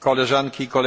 koleżanki i